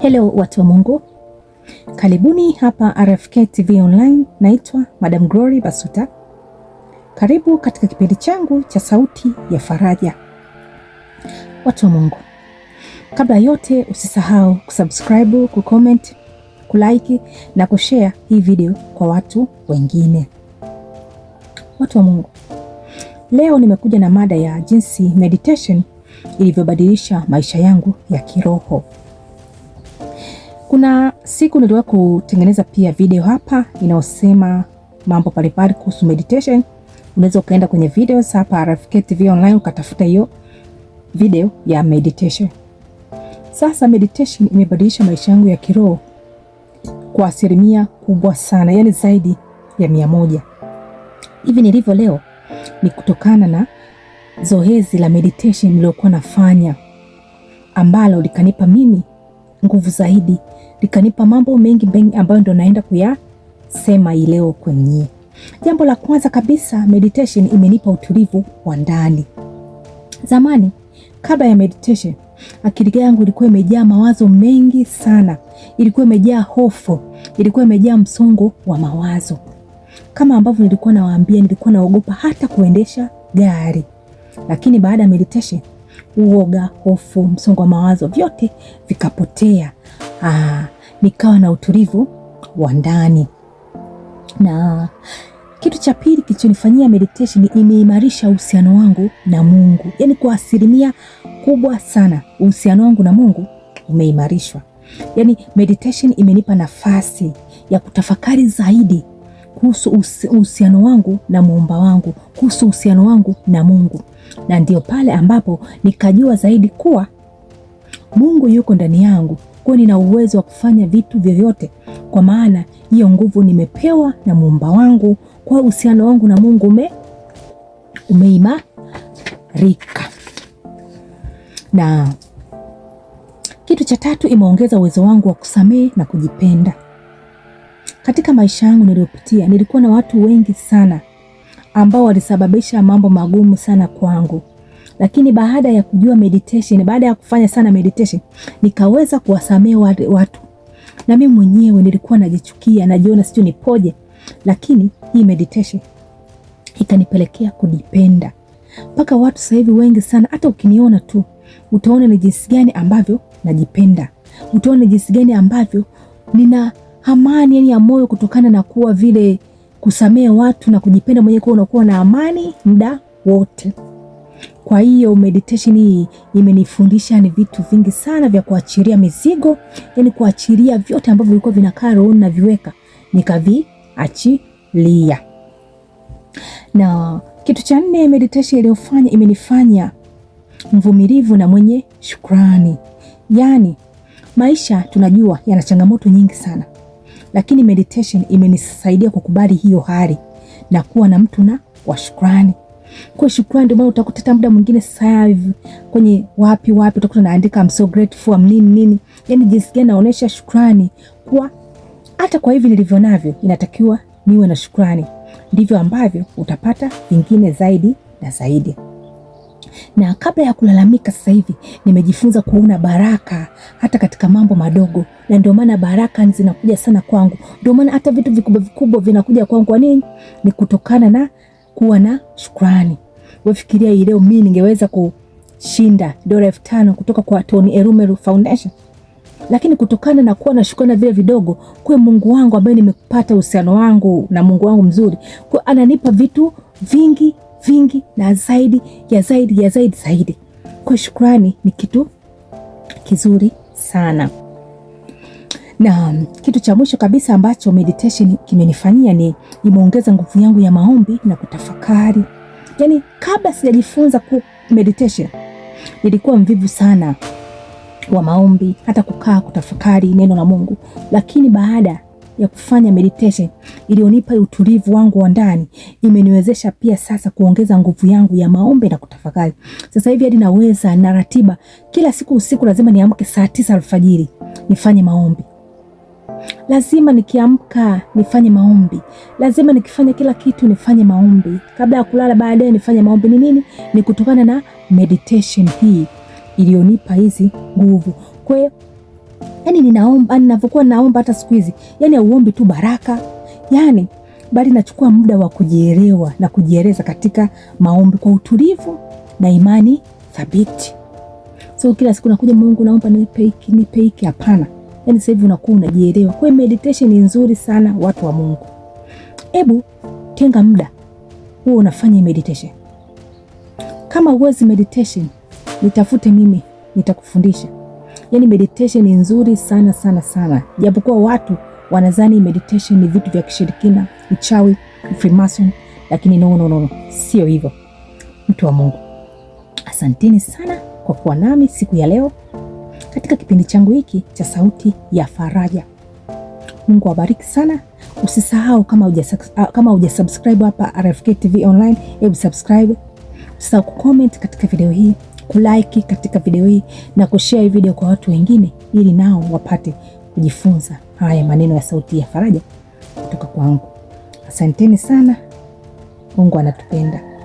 Hello watu wa Mungu, karibuni hapa RFK TV Online. Naitwa Madam Glory Basuta. Karibu katika kipindi changu cha Sauti ya Faraja. Watu wa Mungu, kabla yote usisahau kusubscribe, kucomment, kulike na kushare hii video kwa watu wengine. Watu wa Mungu, leo nimekuja na mada ya jinsi meditation ilivyobadilisha maisha yangu ya kiroho. Kuna siku niliwahi kutengeneza pia video hapa inayosema mambo mbalimbali kuhusu meditation. Unaweza ukaenda kwenye videos hapa RFK TV online ukatafuta hiyo video ya meditation. Sasa meditation imebadilisha maisha yangu ya kiroho kwa asilimia kubwa sana, yani zaidi ya mia moja. Hivi nilivyo leo ni kutokana na zoezi la meditation nililokuwa nafanya ambalo likanipa mimi nguvu zaidi, likanipa mambo mengi ambayo ndo naenda kuyasema ileo kwenye. Jambo la kwanza kabisa, meditation imenipa utulivu wa ndani. Zamani kabla ya meditation, akili yangu ilikuwa imejaa mawazo mengi sana, ilikuwa imejaa hofu, ilikuwa imejaa msongo wa mawazo. Kama ambavyo nilikuwa nawaambia, nilikuwa naogopa hata kuendesha gari, lakini baada ya meditation uoga, hofu, msongo wa mawazo, vyote vikapotea. Aa, ah, nikawa na utulivu wa ndani. Na kitu cha pili kilichonifanyia meditation, imeimarisha uhusiano wangu na Mungu, yaani kwa asilimia kubwa sana uhusiano wangu na Mungu umeimarishwa. Yaani meditation imenipa nafasi ya kutafakari zaidi kuhusu uhusiano wangu na muumba wangu, kuhusu uhusiano wangu na Mungu. Na ndio pale ambapo nikajua zaidi kuwa Mungu yuko ndani yangu, kuwa nina uwezo wa kufanya vitu vyovyote, kwa maana hiyo nguvu nimepewa na muumba wangu. Kwa uhusiano wangu na Mungu ume umeimarika. Na kitu cha tatu, imeongeza uwezo wangu wa kusamehe na kujipenda. Katika maisha yangu niliyopitia, nilikuwa na watu wengi sana ambao walisababisha mambo magumu sana kwangu, lakini baada ya kujua meditation, baada ya kufanya sana meditation, nikaweza kuwasamehe watu. Na mimi mwenyewe nilikuwa najichukia, najiona sijui nipoje, lakini hii meditation ikanipelekea kujipenda mpaka watu sasa hivi wengi sana, hata ukiniona tu utaona ni jinsi gani ambavyo najipenda, utaona ni jinsi gani ambavyo nina amani yani ya moyo kutokana na kuwa vile kusamehe watu na kujipenda mwenyewe, kwa unakuwa na amani muda wote. Kwa hiyo meditation hii imenifundisha ni vitu vingi sana vya kuachilia mizigo, yani kuachilia vyote ambavyo vilikuwa vinakaa rohoni na viweka nikaviachilia. Na kitu cha nne, meditation iliyofanya imenifanya mvumilivu na mwenye shukrani. Yaani maisha tunajua yana changamoto nyingi sana lakini meditation imenisaidia kukubali hiyo hali na kuwa na mtu na wa shukrani. Kwa shukrani ndio maana utakuta hata muda mwingine sasa hivi kwenye wapi wapi utakuta naandika I'm so grateful, am nini nini. Yaani jinsi gani naonesha shukrani kwa hata kwa hivi nilivyo navyo inatakiwa niwe na shukrani. Ndivyo ambavyo utapata vingine zaidi na zaidi na kabla ya kulalamika, sasa hivi nimejifunza kuona baraka hata katika mambo madogo, na ndio maana baraka zinakuja sana kwangu. Ndio maana hata vitu vikubwa vikubwa vinakuja kwangu. Kwa nini? Ni kutokana na kuwa na shukrani. Wewe hii leo mimi ningeweza kushinda dola elfu tano kutoka kwa Tony Erumeru Foundation, lakini kutokana na kuwa na shukrani vile vidogo, kwa Mungu wangu ambaye nimepata uhusiano wangu na Mungu wangu mzuri, kwa ananipa vitu vingi vingi na zaidi ya zaidi ya zaidi zaidi. Kwa shukrani ni kitu kizuri sana. Na kitu cha mwisho kabisa ambacho meditation kimenifanyia ni imeongeza nguvu yangu ya maombi na kutafakari. Yaani, kabla sijajifunza ku meditation nilikuwa mvivu sana wa maombi, hata kukaa kutafakari neno la Mungu, lakini baada ya kufanya meditation iliyonipa utulivu wangu wa ndani imeniwezesha pia sasa kuongeza nguvu yangu ya maombi na kutafakari. Sasa hivi hadi naweza na ratiba kila siku, usiku lazima niamke saa tisa alfajiri nifanye maombi lazima nikiamka nifanye maombi, lazima nikifanya kila kitu nifanye maombi, kabla ya kulala, baadaye nifanye maombi. Ni nini? Ni kutokana na meditation hii iliyonipa hizi nguvu. Kwa hiyo yani ninaomba, yaani ninavyokuwa naomba hata siku hizi, yani auombi tu baraka yani, bali nachukua muda wa kujielewa na kujieleza katika maombi kwa utulivu na imani thabiti. So kila siku nakuja, Mungu naomba nipe hiki nipe hiki, hapana. Yani sasa hivi unakuwa unajielewa. Kwa meditation ni nzuri sana, watu wa Mungu, hebu tenga muda huo unafanya meditation. Kama uwezi meditation, nitafute mimi, nitakufundisha. Yani meditation ni nzuri sana sana sana, japokuwa watu wanadhani meditation ni vitu vya kishirikina, uchawi, Freemason, lakini no, no, no, sio hivyo. Mtu wa Mungu, asanteni sana kwa kuwa nami siku ya leo katika kipindi changu hiki cha Sauti ya Faraja. Mungu awabariki sana. Usisahau kama uja, ah, kama uja subscribe hapa RFK TV Online, hebu subscribe. Usisahau kucomment katika video hii kulike katika video hii na kushare hii video kwa watu wengine, ili nao wapate kujifunza haya maneno ya sauti ya faraja kutoka kwangu. Asanteni sana, Mungu anatupenda.